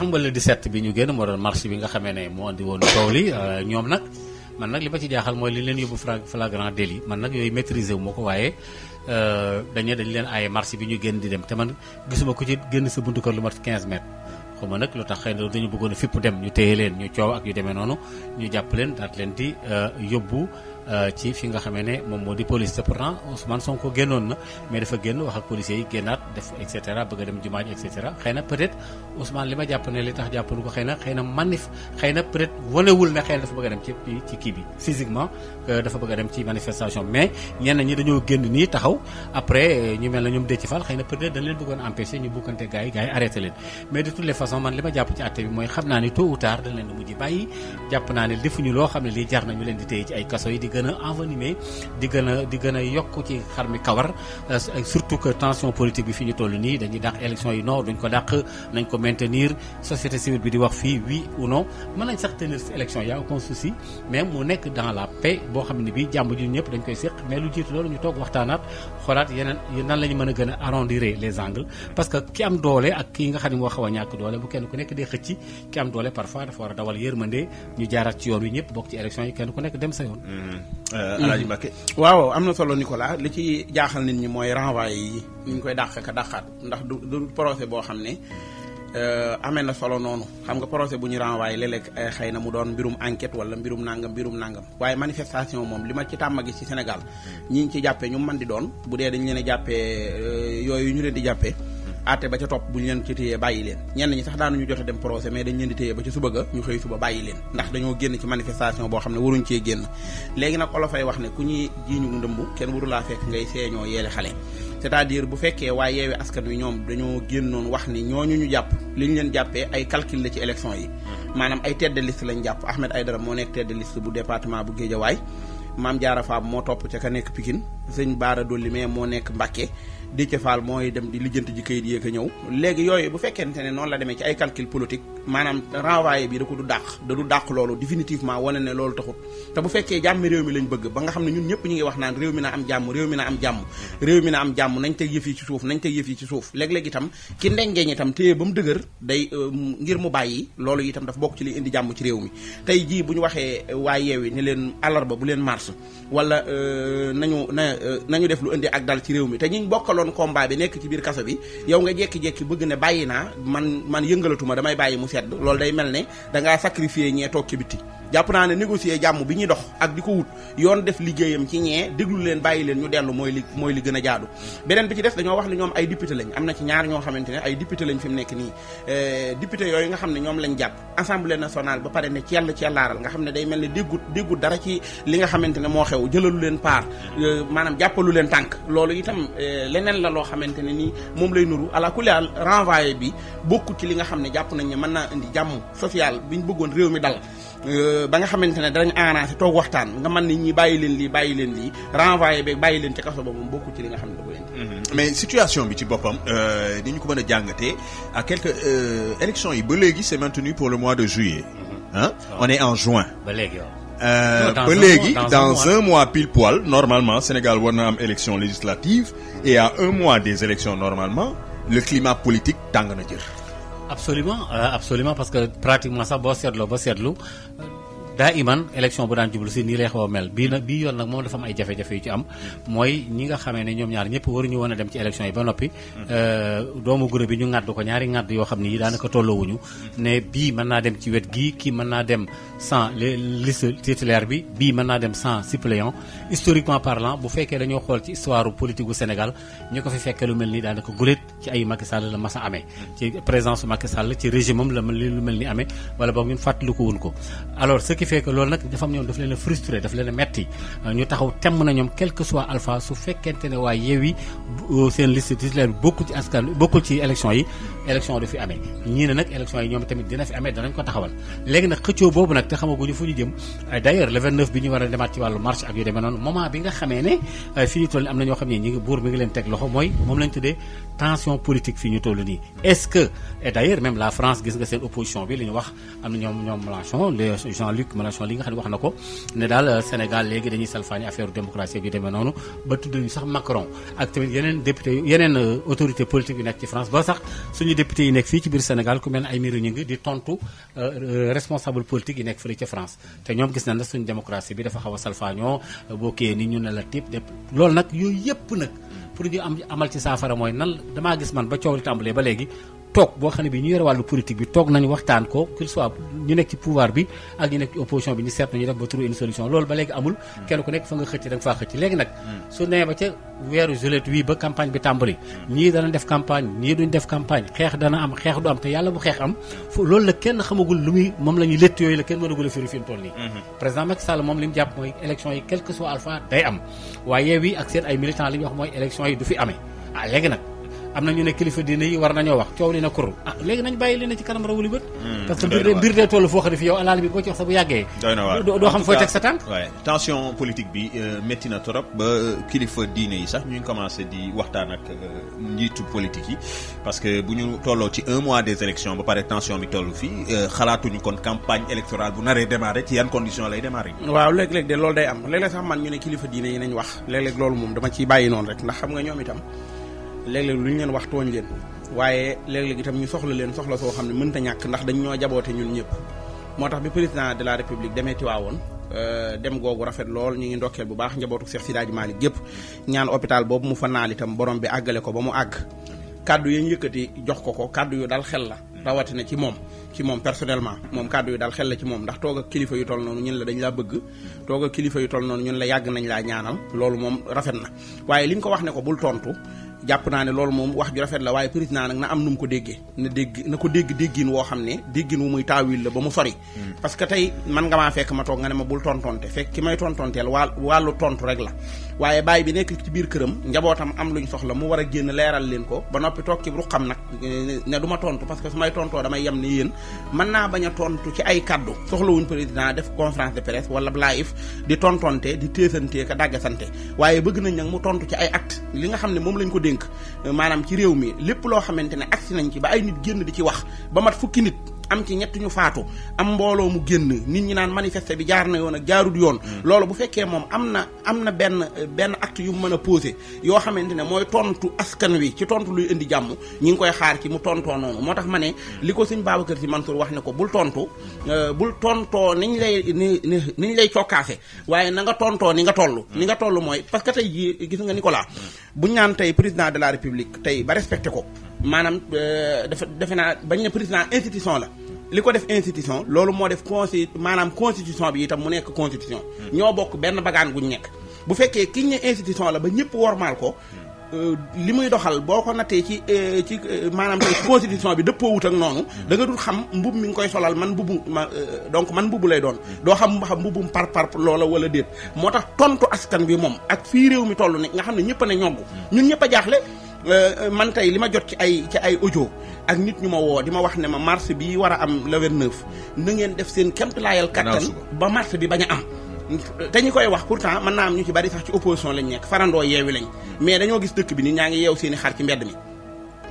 xam nga le 17 bi ñu génn moo doon marche bi nga xamee ne moo andi woon coow li euh, ñoom nag man nag li ma ci jaaxal mooy li leen yóbbu flagrant délit man nag yooyu maîtriser wu ma ko waaye euh, dañu bi ñu génn di dem te man gisuma ko ci génn sa buntu kër lu mat 15 mètres. xaw ma nag lu tax xëy na dañu bëggoon a fipp dem ñu téye leen ñu coow ak yu demee noonu ñu jàpp leen daat leen di euh, yóbbu ci fi nga xamee ne moom moo di police te pourtant Ousmane Sonko génnoon na mais dafa génn wax ak policiers yi génnaat def et cetera bëgg a dem jumaa ji et na peut Ousmane li ma jàpp ne li tax jàppalu ko xëy na manif xëy na peut ne xëy dafa bëgg a dem ci ci kii bi physiquement euh, dafa bëgg dem ci manifestation mais ñenn ñi dañoo génn nii taxaw après ñu mel na ñoom Déthié Fall xëy na peut-être dañ leen bëggoon empêcher ñu bukkante gars yi gars leen mais de toutes les façons man li ma jàpp ci àtte bi mooy xam naa ni tôt ou dañ leen di mujj bàyyi jàpp naa ne defuñu loo xam ne lii jar nañu leen di téye a di gën a di mi kawar euh, surtout que tension bi fi ñu toll nii yi maintenir société civile bi di wax fii oui ou mën nañ sax tenir si élection y a mais mu nekk dans la paix boo xam ne bii jàmm ju ñëpp dañ koy séq mais lu jiitu loolu ñu toog waxtaanaat xoolaat yeneen nan la mën a gën a arrondir les angles a parfois dafa war a dawal yërmande ñu jaaraat ci yoon wi ñëpp bokk ci élection yi kenn ku nekk dem sa yoon. Mm-hmm. Euh, mm-hmm. waaw am na solo Nicolas li ci jaaxal nit ñi mooy renvoyé yi ñu koy dàq ka dàqaat ndax du du procès Euh, amee na solo noonu xam nga projet bu ñu renvoyé léeg-léeg euh, xëy na mu doon mbirum enquête wala mbirum nangam mbirum nangam waaye manifestation moom li ma ci tàmm gis ci Sénégal hmm. ñi ngi ci jàppee ñu mën di doon bu dee dañu leen jàppee euh, yooyu ñu leen di jàppee aate hmm. ba ca topp bu ñu leen ci téyee bàyyi leen ñenn ñi sax daanuñu jot a dem procès mais dañ leen di téyee ba ca suba ga ñu xëy suba bàyyi leen ndax dañoo génn ci manifestation boo xam ne waruñ cee génn léegi nag olofay wax ne ku ñuy jiiñu ndëmb kenn warulaa fekk ngay seeñoo yeele xale c'est-à-dire bu fekkee waaye yeewi askan wi ñoom dañoo génnoon wax ni ñooñu ñu jàpp li ñu leen jàppee ay calcul la ci élection yi mm-hmm. maanaam ay tête de liste lañ jàpp Ahmed Aïdara moo nekk tête de liste bu département bu Guédiawaye Mame jaara Fam moo topp ca ka nekk Pikine sëñ Bara Dolly mais moo nekk Mbacké Déthié Fall mooy dem di lijjanti ji kayit yéeg a ñëw léegi yooyu bu fekkente ne noonu la demee ci ay calcul politique maanaam renvoyé bi da ko du dàq da du dàq loolu définitivement wane ne loolu taxut te bu fekkee jàmm réew mi lañ bëgg ba nga xam ne ñun ñëpp ñu ngi wax naan réew mi na am jàmm réew mi na am jàmm réew mi am jàmm nañ teg yëf yi ci suuf nañ teg yëf yi ci suuf léeg-léeg itam ki ndengeeñ itam téye ba mu dëgër day euh, ngir mu bàyyi loolu itam dafa bokk ci li indi jàmm ci réew mi tey jii bu ñu waxee waa yeewi ni leen alarba bu leen mars wala euh, nañu na euh, nañu def lu indi ak dal ci réew mi te ñiñ taxawaloon combat bi nekk ci biir kaso bi yow nga jekki-jekki bëgg ne bàyyi naa man man yëngalatuma damay bàyyi mu sedd loolu day mel ni dangaa sacrifier ñee toog ci bitti jàpp naa ne négocier jàmm bi ñuy dox ak di ko wut yoon def liggéeyam ci ñee déglu leen bàyyi leen ñu dellu mooy li mooy li gën a jaadu beneen bi ci def dañoo wax ne ñoom ay député lañ am na ci ñaar ñoo xamante ne ay député lañ fi mu nekk nii eh, député yooyu nga xam ne ñoom lañ jàpp assemblée national ba pare ne ci yàlla nga xam ne day mel ne déggut déggut dara ci li nga xamante ne moo xew jëlalu leen paar eh, maanaam jàppalu leen tànk loolu itam eh, leneen la loo xamante ne nii moom lay nuru ala kulli al renvoyé bi bokkut ci li nga xam ne jàpp nañ ne mën naa indi jàmm social biñ bëggoon réew mi dal Euh, ba nga xamante ne danañ arrangé toog waxtaan nga man ni ñi bàyyi leen lii bàyyi leen lii renvoyé beeg bàyyi leen ca kaso ba moom bokku ci li nga xam ne da ko indi mhm. mais situation bi ci boppam euh, ni ñu ko mën a jàngatee à quelque euh, élection yi ba léegi c'est maintenu pour le mois de juillet mhm. ah on est en juin ba léegi ba léegi dans un mois pile poil normalement Sénégal war na am élection législative et à un mois des élections normalement le climat politique tàng na jër absolument euh, absolument parce que pratiquement sax boo seetloo ba seetlu daa iman élection bu daan jublu si nii lay xaw a mel bii nag bii yoon nag moom dafa am ay jafe-jafe yu ci am mooy ñi nga xamee ne ñoom ñaar ñëpp waruñu ñu a dem ci élection yi ba noppi mm-hmm. euh, doomu guré bi ñu ŋàdd ko ñaari ŋàdd yoo xam ne yi daanaka tolloowuñu mm-hmm. ne bii mën naa dem ci wet gii kii mën naa dem sans les liste titulaire bi bii mën naa dem sans suppléant historiquement parlant bu fekkee dañoo xool ci histoire politique gu Sénégal ñu ko fi fekkee lu mel ni daanaka guléet ci ay Macky Sall la mas a amee. ci présence Macky Sall ci régime lu mel ni amee wala boog ñun fàttaliku wuñ ko. alors ce qui fait que loolu nag dafa am ñoom daf leen a frustré leen metti ñu taxaw temm na ñoom quel soit alpha su fekkente ne waa Yewwi euh, seen liste titulaire bi bokkul ci askan yi élection du fi amee ñii ne nag élection yi ñoom tamit dina fi amee danañ ko taxawal te xamaguñu fu ñu jëm d'ailleurs le 29 bi ñu war a demaat marche ak yu demee noonu moment bi nga xamee ne euh, fi ñu toll am na ñoo xam ne ñi ngi buur mi ngi leen teg loxo mooy moom lañ tuddee tension politique fi ñu toll nii est et d'ailleurs même la France gis nga seen opposition bi li ñu wax am na ñoom ñoom Mélenchon Jean-Luc Mélenchon li nga xam ne wax na ko ne daal euh, Sénégal léegi dañuy salfaañi affaire démocratie ak yu demee noonu ba tudd fële ca France te ñoom gis nañ ne suñu démocratie bi dafa xaw a salfaañoo boo kiyee ni ñu ne la tip de loolu nag yooyu yëpp nag pour ñu am amal ci saafara mooy nan damaa gis man ba coow li tàmbalee ba léegi toog boo xam ne bi ñu yore wàllu politique bi toog nañu waxtaan ko qu'il soit ñu nekk ci pouvoir bi ak ñu nekk ci opposition bi ñu seet nañu def ba trouver une solution loolu ba léegi amul hmm. kenn ku nekk fa nga xëcc da faa xëcc léegi nag hmm. su nee ca weeru juillet wii ba campagne bi tàmbali hmm. ñii dana def campagne ñii duñ def campagne xeex dana am xeex du am te yàlla bu xeex am loolu la kenn xamagul lu muy moom la ñuy létt yooyu la kenn mënagul a firi fi mu toll nii président Macky Sall moom li mu jàpp ñu wax mooy élection yi du fi amee ah léegi am na ñu ne kilifa diine yi war nañoo wax coow li na kur ah léegi nañ bàyyi li na ci kanam rawuli bët hmm, parce que mbir mbir dee toll foo xam ne fi yow alaal bi boo ci wax sax bu yàggee doo euh, kilifa diine yi sax ñu ngi commencé di waxtaan ak euh, njiitu politique yi parce que bu ñu tolloo ci un mois des élections ba pare tension bi toll fii euh, xalaatuñu kon campagne électorale bu naree démarrer ci yan condition lay démarrer waaw léeg-léeg loolu day am ñu ne kilifa diine yi nañ wax léeg loolu moom dama ciy bàyyi noonu rek ndax xam nga ñoom itam léeg lu ñu leen wax tooñ leen waaye léeg-léeg itam ñu soxla leen soxla soo xam ne mënta ñàkk ndax dañ ñoo jaboote ñun ñëpp moo tax bi président de la république demee Tiwaawoon euh, dem googu rafet lool ñu ngi ndokkeel bu baax njabootu Cheikh Sidaaji Malick gépp ñaan hôpital boobu mu fa naal itam borom bi àggale ko ba mu àgg kàddu yi ñu yëkkati jox ko ko kàddu yu dal xel la rawatina ci moom ci moom personnellement moom kàddu yu dal xel la ci moom ndax toog kilifa yu toll noonu ñun la dañ laa bëgg toog ak kilifa yu noonu ñun la yàgg nañ laa ñaanal loolu moom rafet na waaye li ko wax ne ko bul tontu jàpp naa ne loolu moom wax ju rafet la waaye président nag na am nu mu ko déggee na dégg na ko dégg déggin woo xam ne déggin wu muy taawil la ba mu sori mm. parce que tey man nga maa fekk ma toog nga ne ma bul tontonte fekk ki may tontonteel waal wàllu tontu rek la waaye baay bi nekk ci biir këram njabootam am luñ soxla mu war a génn leeral leen ko ba noppi toog ci ruqam nag ne du ma tontu parce que su tontoo damay yem ne yéen mën naa baña tontu ci ay kaddu wuñ président def conférence de presse wala live di tontonte di téesante ka dàggasante waaye bëgg nañ nag mu tontu ci ay acte li nga xam ne moom lañ ko dénk maanaam ci réew mi lépp loo xamante ne agsi nañ ci ba ay nit génn di ci wax ba mat nit am ci ñett ñu faatu am mbooloo mu génn nit ñi naan manifester bi jaar na yoon ak jaarut yoon mm. loolu bu fekkee moom am na am na benn benn acte yu mu mën a posé yoo xamante ne mooy tontu askan wi ci tontu luy indi jàmm ñi ngi koy xaar ci mu tontoo noonu moo tax ma ne mm. li ko sëñ Babacar Si Mansour wax ne ko bul tontu mm. euh, bul tontoo niñ lay ni niñ lay cokkaase waaye na nga tontoo ni nga toll ni nga toll mooy parce que tey jii gis nga Nicolas buñ naan tey président de la république tey ba respecté ko maanaam euh, dafa defe naa bañ ne président institution la li ko def institution loolu moo def consi maanaam constitution bi itam mu nekk constitution hmm. ñoo bokk benn bagaan guñ nekk bu fekkee kiñ ne institution la ba ñëpp wormaal ko hmm. euh, li muy doxal boo ko nattee ci euh, ci maanaam tey constitution bi dëppoo wut ak noonu hmm. da dul xam mbub mi ngi koy solal man mbubu ma donc man mbubu lay doon doo xam xam mbubum par par loola wala déet moo tax tontu askan bi moom ak fii réew mi toll ni nga xam ne ñëpp a ne ñun ñëpp a Euh, euh, man tey li ma jot ci ay ci ay audio ak nit ñu ma woo di ma wax ne ma marché bi war a am le 29 na ngeen def seen kéemtulaayal kattan ba marché bi bañ a am dañu koy wax pourtant mën naa am ñu ci bari sax ci opposition lañ nekk farandoo yeewi lañ mais dañoo gis dëkk bi ni ñaa ngi yeew seen xar ci mbedd mi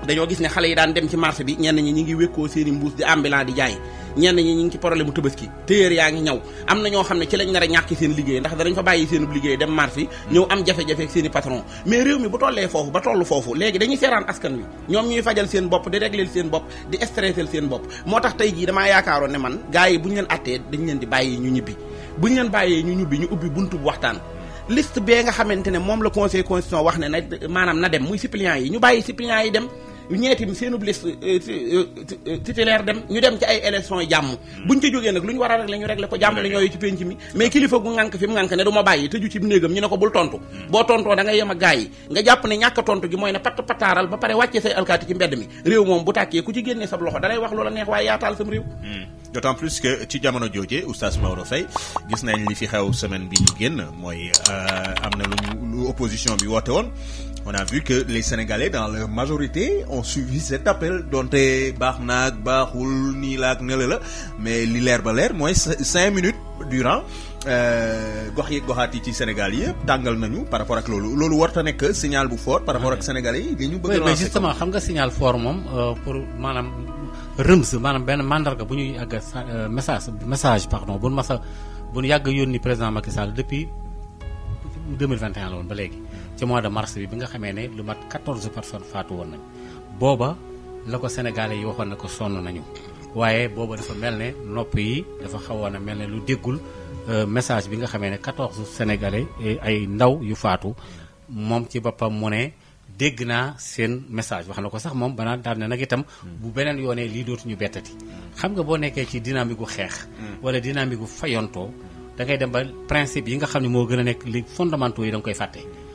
dañoo gis ne xale yi daan dem ci marché bi ñenn ñi ñi ngi wékkoo seeni mbuus di ambulant di jaay ñenn ñi ñi ngi ci problème mu tabaski téyeer yaa ngi ñaw am na ñoo xam ne ci lañ nar a ñàkk seen liggéey ndax danañ fa bàyyi seen liggéey dem marché ñëw am jafe-jafe ak seen patron mais réew mi bu tollee foofu ba toll foofu léegi dañuy seeraan askan wi ñoom ñuy fajal seen bopp di régleel seen bopp di stressel seen bopp moo tax tey jii damaa yaakaaroon ne man gars yi bu ñu leen attee dañ leen di bàyyi ñu ñibbi bu ñu leen bàyyee ñu ñibbi ñu ubbi buntu bu waxtaan liste bee nga xamante ne moom la conseil constitution wax ne na maanaam na dem muy suppléant yi ñu bàyyi suppléant yi dem ñeetim seenub liste euh, euh, euh, titulaire dem ñu dem ci ay élection yi jàmm hmm. buñ ci jógee nag lu ñu war a régler ñu régler ko jàmmale ñooyu ci penc mi mais kilifa gu ngànk fi mu ngànk ne du ma bàyyi tëju ci néegam ñu ne ko bul tontu hmm. boo tontoo da nga yem a gaa yi nga jàpp ne ñàkk tontu gi mooy ne patt pattaaral ba pare wàccee say alkaati ci mbedd mi réew moom bu tàkkee ku ci génnee sab loxo dalay wax a neex waaye yaataal sam réew hmm. ci jamono jooje oustaz Maodo Faye gis nañ li fi xew semaine bi ñu génn mooy am na lu opposition bi woote woon on a vu que les Sénégalais dans leur majorité ont suivi cet appel donte baax naag baaxul nii laak nele la mais li leer ba leer mooy cinq minutes durant euh, gox yi goxaat yi ci Sénégal yëpp tàngal nañu par rapport ak loolu loolu warta nekk signal bu fort par rapport ak sénégalais yi li ñu bëgg mais xam nga signal fort moom euh, pour maanaam rëms maanaam benn mandarga bu ñuy àgg euh, message message par bu nu masa bu nu yàgg yoon yónni président Macky Sall depuis 2021 la woon ba léegi ci mois de mars bi bi nga xamee ne lu mat 14 personnes faatu woon nañ booba la ko sénégalais yi waxoon na ko sonn nañu waaye booba dafa mel ne nopp yi dafa xawoon a mel ne lu déggul euh, message bi nga xamee ne 14 sénégalais ay ndaw yu faatu moom ci boppam mu ne dégg naa seen message wax na ko sax moom banaan daal ne nag itam hmm. bu beneen yoonee lii dootuñu bettati xam nga boo nekkee ci dynamique gu xeex hmm. wala dynamique gu fayonto da dem ba principe yi nga xam ne moo gën a nekk li fondamentaux yi da nga koy fàtte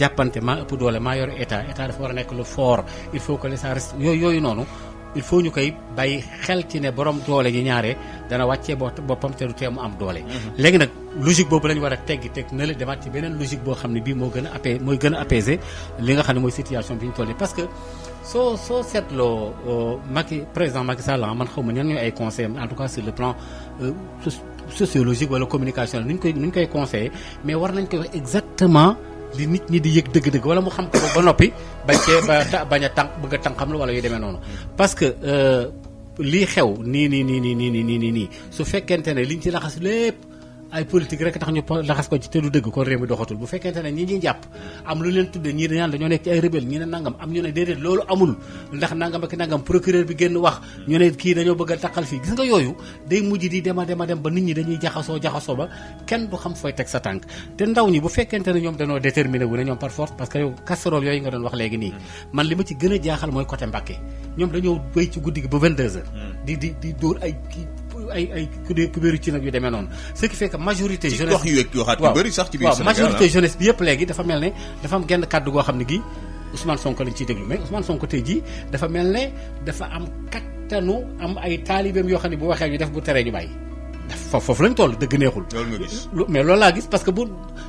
jàppante maa ëpp doole maa yor état état dafa war a nekk lu fort il faut que l'État reste yooyu yooyu noonu il faut ñu koy bàyyi xel ci ne borom doole ji ñaare dana wàccee boppam te du tee am doole. Mm-hmm. léegi nag logique boobu la war a teggi teg na la ci beneen logique boo xam ne bii moo gën a mooy gën a apaiser li nga xam ne mooy situation bi ñu toll parce que soo soo seetloo euh, Macky président Macky Sall ah, man xaw ma ñan ñooy ay conseil en li nit ñi di yëg dëgg-dëgg wala mu xam ko ba noppi bañ cee ba bañ a tànk bëgg a tànqam la wala yu demee noonu parce que lii xew nii nii nii nii nii nii nii nii su fekkente ne li liñ ci laxas lépp ay politique rek tax ñu laxas ko ci te du dëgg kon réew mi doxatul bu fekkente ne ñi ñuy jàpp am lu leen tudde ñii dañoo nekk ci ay rebelle ñi ne nangam am ñu ne déedéet loolu amul ndax nangam ak nangam procureur bi génn wax ñu ne kii dañoo bëgg a taqal fii gis nga yooyu day mujj di dema dema dem ba nit ñi dañuy jaxasoo jaxasoo ba kenn du xam fooy teg sa tànk te ndaw ñi bu fekkente ne ñoom dañoo déterminé wu ne ñoom par force parce que yow casserole yooyu nga doon wax léegi nii man li ma ci gën a jaaxal mooy côté Mbacké ñoom dañoo béy ci guddi gi ba 22 heures hmm. di di di dóor ay kii ay ay kubéeru ci nag yu demee noonu ce qui fait que majorité jeunesse ci gox yu waxaat yu bëri sax ci biir Sénégal majorité ah. jeunesse bi yëpp léegi dafa mel ne dafa am genn kàddu goo xam ne gi Ousmane Sonko lañ ciy déglu mais Ousmane Sonko tey jii dafa mel ne dafa am kattanu am ay taalibeem yoo xam ne bu waxee ñu def bu teree ñu bàyyi dafa foofu lañ toll dëgg neexul mais loolu laa gis parce que bu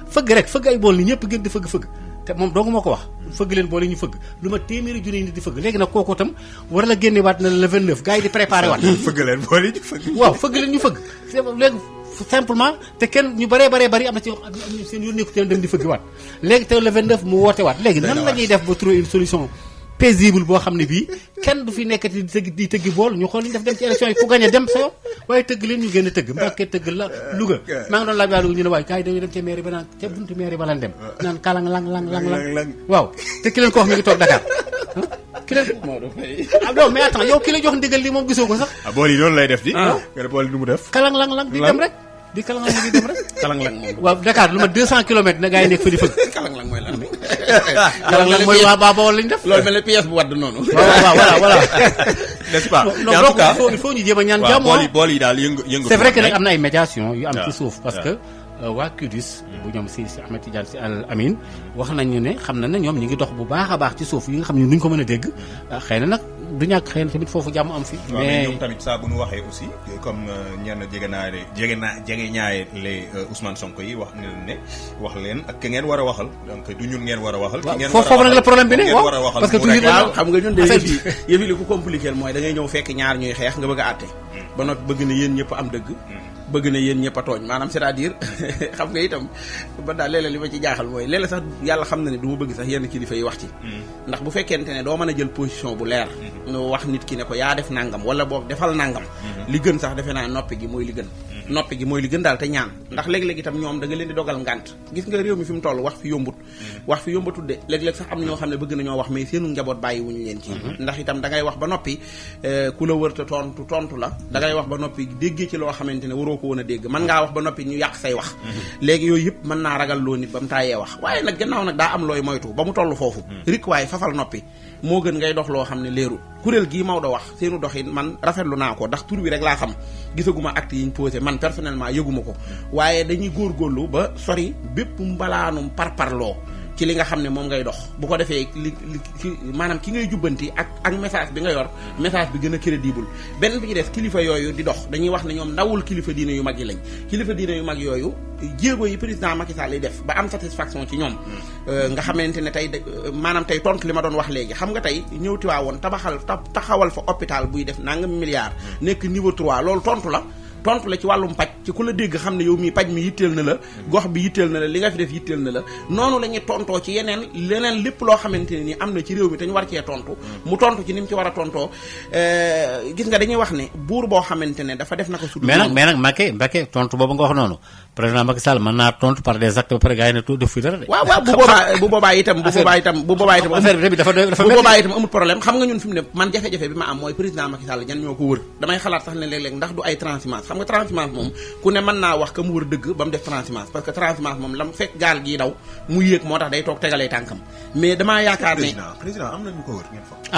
fëgg rek fëgg ay bool ni ñëpp gën di fëgg-fëgg te moom dong moo ko wax fëgg leen boole ñu fëgg lu ma téeméeri junni nit di fëgg léegi nag kooku itam war la génne waat na le 29 gars yi di préparé waat fëgg leen boole ñu fëgg waaw fëgg leen ñu fëgg simplement te kenn ñu baree baree bari am na ci seen yónneeku te dem di fëgg waat léegi te le 29 mu woote waat léegi nan la ñuy def ba trouver une solution paisible boo xam ne bii kenn du fi nekk di tëgg bool ñu xool ñu def dem ci élection yi ku gañe dem sa yoon waaye tëgg leen ñu génn tëgg ah. Mbàkke tëgg la Louga ah. maa ngi doon laaj waa Louga ñu ne waaye gars yi dañuy dem ca mairie ba naan ca buntu mairie ba lan dem ah. naan kalang lang lang waaw te ki leen ko wax mi ngi toog Dakar ki leen ah non mais attends yow ki la jox ndigal li moom gisoo ko sax bool yi noonu lay def di nga bool yi nu mu def kalang lang lang di di kalang-lang di dem rek. kalang-lang moom lu ma 200 kilomètres na gaa yi nekk fa di fëgg. kalang-lang mooy lan mooy. mooy waa Baba wala ñu def. loolu mel ne bu wadd noonu. waaw voilà voilà. n'est-ce waaw ah. bool yi daal yëngu yëngu. c'est vrai que nag am na ay médiation yu am ci suuf parce que. Euh, waa CUDIS bu ñoom si si Ahmed Tidiane si Al Amin wax nañu ne xam na ne ñoom ñu ngi dox bu baax a baax ci suuf yi nga xam ne duñ ko mën a dégg euh, xëy na nag du ñàkk xëy na tamit foofu jàmm am fi mais ñoom tamit saa bu ñu waxee aussi comme euh, ñenn jege naa jege naa jege ñaaye les Ousmane Sonko yi wax leen ne wax leen ak ki war a waxal donc du ñun ngeen war a waxal foofu foofu nag la problème bi ne waaw parce mooy da ñëw fekk ñaar ñuy xeex nga bëgg a àtte mm. ba noppi bëgg na yéen ñëpp am dëgg mm. bëgg na yéen ñëpp a tooñ maanaam c'est-à-dire xam nga itam ba daal léeg li ma ci jaaxal mooy léeg-léeg sax yàlla xam na ne du ma bëgg sax yenn kilifa yi wax ci mm. ndax bu fekkente ne doo mën a jël position bu leer no mm-hmm. wax nit ki ne ko yaa def nangam wala boog defal nangam mm-hmm. li gën sax defe naa noppi gi mooy li gën mm. noppi gi mooy li gën daal te ñaan ndax léeg-léeg itam ñoom danga leen di dogal ngant gis nga réew mi fi mu toll wax fi yombut mm-hmm. wax fi yombatul de léeg-léeg sax am ñoo xam ne bëgg nañoo wax mais seenu njaboot bàyyi wuñu leen ci mm-hmm. ndax itam wax ba noppi euh, ku la wërta tontu tontu la da ngay wax ba noppi déggee ci loo xamante ne waroo ko woon a dégg mën ngaa wax ba noppi ñu yàq say wax mm-hmm. léegi yooyu yëpp mën naa ragal loo nit ba mu taayee wax waaye nag gannaaw nag daa am looy moytu ba mu toll foofu rik waaye fafal noppi moo gën ngay dox loo xam ne leerul kuréel gii Maodo wax seenu doxin man rafetlu naa ko ndax tur wi rek laa xam gisaguma acte yiñ posé man personnellement yëguma ko waaye dañuy góor góorlu ba sori bépp mbalaanum parparloo ci li nga xam ne moom ngay dox bu ko defee li li maanaam ki ngay jubbanti ak ak message bi nga yor message bi gën a crédible benn bi ci des kilifa yooyu di dox dañuy wax ne ñoom ndawul kilifa diine yu mag yi lañ kilifa diine yu mag yooyu jéego yi président Macky Sall yi def ba am satisfaction ci ñoom euh, nga xamante ne tey euh, maanaam tey tontu li ma doon wax léegi xam nga tey ñëw tiwaawoon tabaxal taxawal fa hôpital buy def nangam milliard nekk niveau 3 loolu tontu la tontu la ci wàllum paj ci ku la dégg xam ne yow mii paj mi yitteel na la gox bi yitteel na la li nga fi def yitteel na la noonu la tontoo ci yeneen leneen lépp loo xamante ne ni am na ci réew mi te ñu war cee tontu mu tontu ci ni mu ci war a tontoo euh, gis nga dañuy wax ne buur boo xamante ne dafa def na ko sud mais nag mais nag Mbacké Mbacké tontu boobu nga wax noonu président Macky Sall mën naa tontu waaw waaw bu boobaa bu bu boobaa itam bu boobaa itam affaire problème xam nga ñun fi ne man jafe-jafe bi ma am mooy président Macky Sall ñan ñoo ndax du ay transhumance xam nga transhumance ku ne mën naa wax que mu wër dëgg ba mu def transhumance parce que transhumance moom la mu fekk gaal gii daw mu yéeg moo tax day toog tegalee tànkam mais damaa yaakaar ne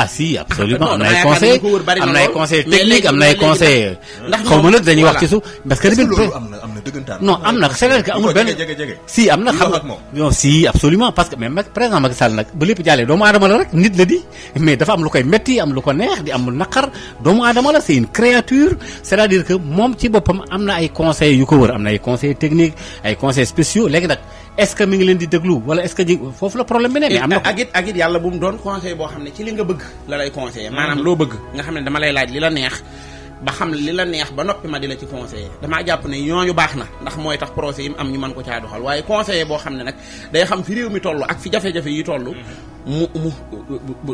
ah si absolument am na conseil am na conseil technique am na conseil ndax xaw ma dañuy wax ci suuf dëggantaan. non am na c'est-à-dire amul benn si na. xam non absolument parce que mais président Macky Sall nag ba lépp jàllee doomu aadama la rek nit la di mais dafa am lu koy metti am lu ko neex di am lu naqar doomu aadama la c'est une créature c'est-à-dire moom ci boppam am na ay conseil yu ko wër am na ay conseils techniques ay conseils spéciaux léegi nag est mi ngi leen di déglu wala est-ce que ji foofu la problème bi ne mais am na ko. ak it yàlla bu mu doon conseil boo nga bëgg la lay conseiller maanaam loo dama lay la neex ba xam li la neex ba noppi ma di la ci conseiller damaa jàpp ne ñooñu baax na ndax mooy tax procès yi mu am ñu mën ko caa doxal waaye conseiller boo xam ne nag day xam fi réew mi toll ak fi jafe-jafe yi toll mu mu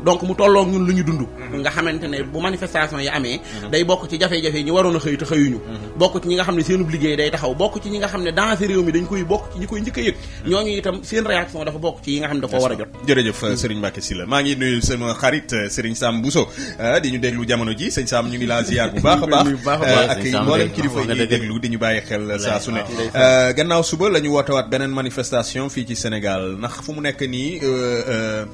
donc mu tolloo ñun lu ñu dund mhm. nga xamante ne bu manifestation yi amee mhm. day bokk ci jafe-jafe yi ñu waroon a xëy te xëyuñu mhm. bokk ci ñi nga xam ne seenub liggéey day taxaw bokk ci ñi nga xam ne dans réew mi dañ koy bokk ci ñi koy njëkk a yëg ñooñu itam seen réaction dafa bokk ci yi nga xam ne dafa war a jot jërëjëf Serigne Mbacké Sylla maa ngi nuyu sama xarit euh, Serigne Sam so euh, di ñu deglu jamono ji Serigne Sam ñu ngi laa ziar bu baax a baax ak mboolem kilifa yi déglu di ñu bàyyi xel saa su ne euh, gannaaw suba la ñu wootewaat beneen manifestation fii ci Sénégal ndax fu mu nekk nii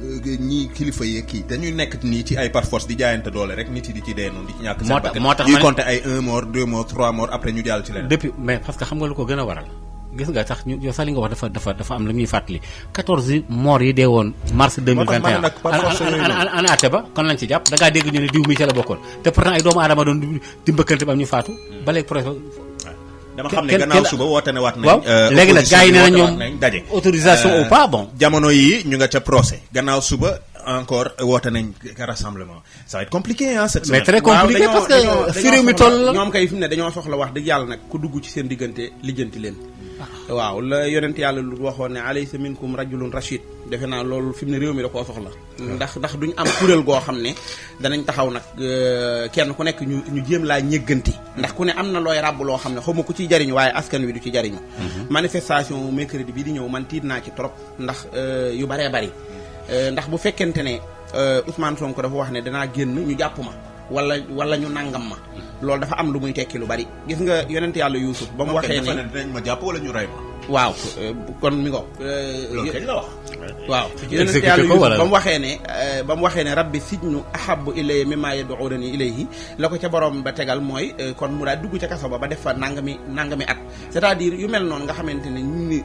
ñii kilifa yee kii dañuy nekk nii ci ay par di jaayante doole rek nit yi di ci dee noonu di ñàkk seen bakkan moo tax ñuy compter depuis mais parce xam nga lu ko gën a waral gis nga sax ñu sax li nga wax dafa dafa am lu ñuy fàttali quatorze morts yi dee woon mars 2021 ana atte ba kon lañ ci jàpp da dégg ñu ne diw mi ci la bokkoon te pourtant ay doomu aadama doon di mbëkkante ba am ñu faatu hmm. ba léegi dama xam ne gannaaw suba woote ne waat nañ. waaw euh, léegi nag gars yi ñoom daje. autorisation euh, ou pas bon. jamono yi ñu nga ca procès gannaaw suba encore woote nañ rassemblement ça va être compliqué ah. cette mais très compliqué parce que fi réew mi toll ñoom kay fi mu ne dañoo soxla wax dëgg yàlla nag ku dugg ci seen diggante lijjanti leen. Ah. waaw la yonent yàlla lu waxoon ne alaysa minkum rajulun rachid defe naa loolu fi mu ne réew mi da koo soxla. ndax ndax duñ am kuréel goo xam ne danañ taxaw nag euh, kenn ku nekk ñu ñu jéem laa ñëgganti. ndax ku ne am na looy ràbb loo xam ne xawma ku ciy jariñu waaye askan wi du ci jariñu. Mhm. manifestation mercredi bi di ñëw man tiit naa ci trop ndax euh, yu baree bari. Euh, ndax bu fekkente ne Ousmane Sonko dafa wax ne danaa génn ñu jàpp ma wala wala ñu nangam ma. Mhm. loolu dafa am lu muy tekki lu bari. gis nga yonent yàlla Yuusuf ba mu waxee ne dinañ ma jàpp ñu rey ma. waaw euh, kon mi ngoog. Euh, loolu la wax. waaw yonent yàlla Yuusuf ba mu waxee ne euh, ba mu waxee ne rabbi sijnu ahabbu ilayya mimmaa yad'uunanii ilayhi la ko ca borom ba tegal mooy kon mu daal dugg ca kaso ba ba def fa nangami nangami at c'est-à-dire yu mel noonu nga xamante ne nit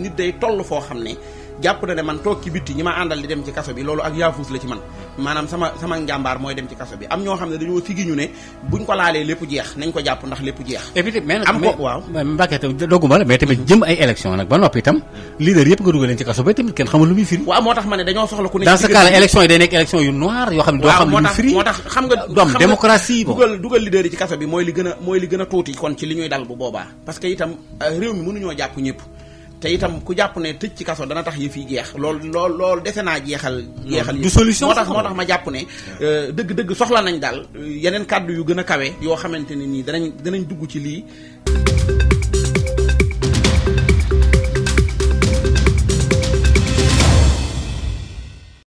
nit day toll foo xam ne. jàpp na ne man toog ci bitti ñi ma àndal di dem ci kaso bi loolu ak yaafuus la ci man maanaam sama sama njàmbaar mooy dem ci kaso bi am ñoo xam ne dañoo lépp jeex nañ ko jàpp ndax lépp jeex am ko waaw Mbacke tam dogguma la mais tamit jëm ay élection nag ba noppi itam leader yëpp nga dugal leen moo tax ma soxla ku ne dans ce cas là yu noir yoo xam ne doo xam lu muy moo xam nga doo am démocratie dugal dugal leader ci kaso bi mooy li gën a mooy li gën tuuti kon ci li ñuy dal bu boobaa parce que itam euh, réew mi mënuñoo jàpp ñëpp te itam ku jàpp ne tëj ci kaso dana tax yëf yi jeex loolu loolu loolu dese naa jeexal. jeexal du solution moo tax moo tax ma jàpp ne. Euh, dëgg-dëgg soxla nañ daal euh, yeneen kàddu yu gën a kawe yoo xamante ne nii danañ danañ dugg ci lii.